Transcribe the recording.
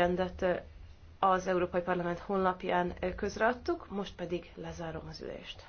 rendet az Európai Parlament honlapján közreadtuk, most pedig lezárom az ülést.